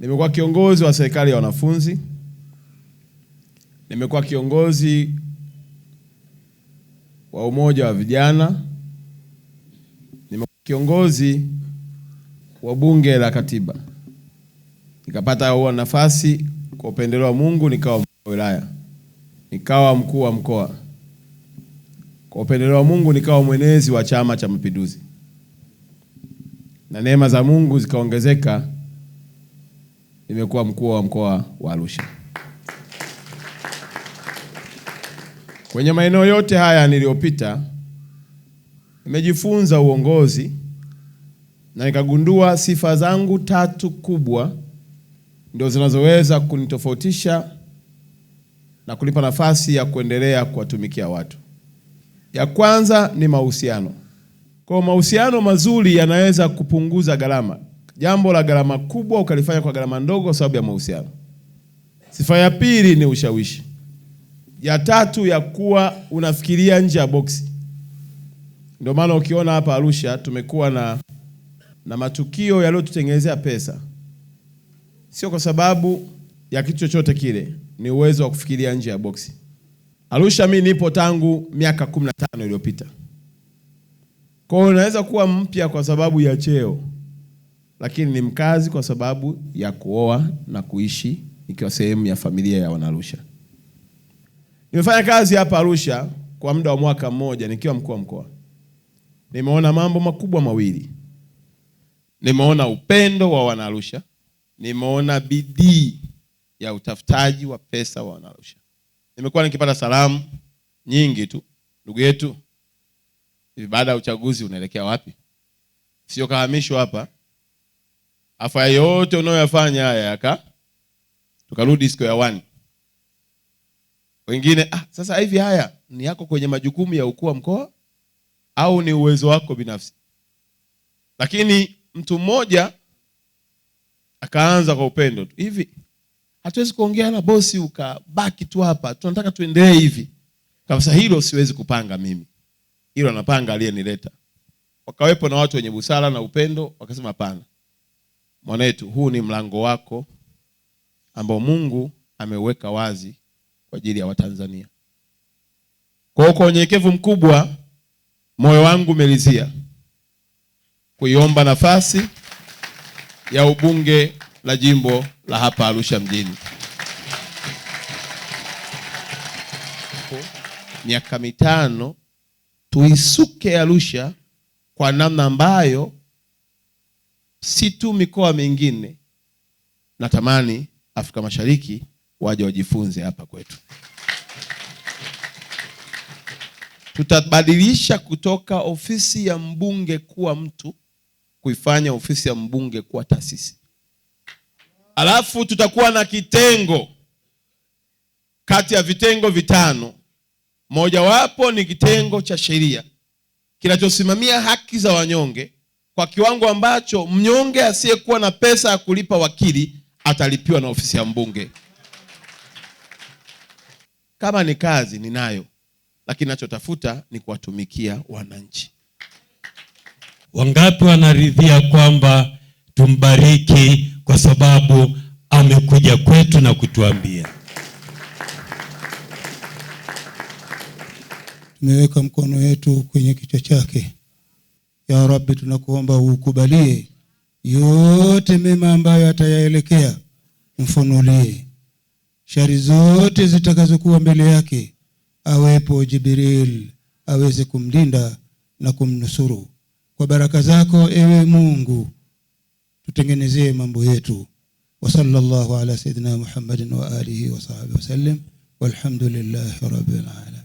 Nimekuwa kiongozi wa serikali ya wanafunzi, nimekuwa kiongozi wa umoja wa vijana, nimekuwa kiongozi wa bunge la katiba, nikapata huo nafasi kwa upendeleo wa Mungu nikawa mkuu wa wilaya, nikawa mkuu wa mkoa, kwa upendeleo wa Mungu nikawa mwenezi wa Chama cha Mapinduzi na neema za Mungu zikaongezeka nimekuwa mkuu wa mkoa wa Arusha. Kwenye maeneo yote haya niliyopita, nimejifunza uongozi na nikagundua sifa zangu tatu kubwa ndio zinazoweza kunitofautisha na kunipa nafasi ya kuendelea kuwatumikia watu. Ya kwanza ni mahusiano. Kwa mahusiano mazuri yanaweza kupunguza gharama jambo la gharama kubwa ukalifanya kwa gharama ndogo kwa sababu ya mahusiano. Sifa ya pili ni ushawishi. Ya tatu ya kuwa unafikiria nje ya boksi. Ndio maana ukiona hapa Arusha tumekuwa na, na matukio yaliyotutengenezea pesa, sio kwa sababu ya kitu chochote kile, ni uwezo wa kufikiria nje ya boksi. Arusha mimi nipo tangu miaka kumi na tano iliyopita, kwa hiyo unaweza kuwa mpya kwa sababu ya cheo lakini ni mkazi kwa sababu ya kuoa na kuishi ikiwa sehemu ya familia ya Wanarusha. Nimefanya kazi hapa Arusha kwa muda wa mwaka mmoja nikiwa mkuu wa mkoa. Nimeona mambo makubwa mawili. Nimeona upendo wa Wanarusha, nimeona bidii ya utafutaji wa pesa wa Wanarusha. Nimekuwa nikipata salamu nyingi tu, ndugu yetu, hivi baada ya uchaguzi unaelekea wapi? Sio kahamishwa hapa afaya yote unayoyafanya haya yaka tukarudi siku ya wani. Wengine ah, sasa hivi haya ni yako kwenye majukumu ya ukuu wa mkoa au ni uwezo wako binafsi? Lakini mtu mmoja akaanza kwa upendo tu hivi, hatuwezi kuongea na bosi ukabaki tu hapa, tunataka tuendelee hivi kabisa. Hilo siwezi kupanga mimi, hilo anapanga aliyenileta. Wakawepo na watu wenye busara na upendo, wakasema hapana Mwanetu, huu ni mlango wako ambao Mungu ameweka wazi kwa ajili ya Watanzania. Kwa hiyo kwa unyenyekevu mkubwa moyo wangu umelizia kuiomba nafasi ya ubunge la jimbo la hapa Arusha mjini. Miaka mitano tuisuke Arusha kwa namna ambayo si tu mikoa mingine. Natamani Afrika Mashariki waje wajifunze hapa kwetu. Tutabadilisha kutoka ofisi ya mbunge kuwa mtu kuifanya ofisi ya mbunge kuwa taasisi, alafu tutakuwa na kitengo kati ya vitengo vitano, mojawapo ni kitengo cha sheria kinachosimamia haki za wanyonge kwa kiwango ambacho mnyonge asiyekuwa na pesa ya kulipa wakili atalipiwa na ofisi ya mbunge. Kama ni kazi ninayo, lakini nachotafuta ni kuwatumikia wananchi. Wangapi wanaridhia kwamba tumbariki kwa sababu amekuja kwetu na kutuambia? Tumeweka mkono wetu kwenye kichwa chake ya Rabbi, tunakuomba ukubalie yote mema ambayo atayaelekea, mfunulie shari zote zitakazokuwa mbele yake, awepo Jibril aweze kumlinda na kumnusuru kwa baraka zako. Ewe Mungu, tutengenezee mambo yetu. Wa sallallahu ala sayidina Muhammadin wa alihi wa sahbihi wasallam, walhamdulillahi rabbil alamin.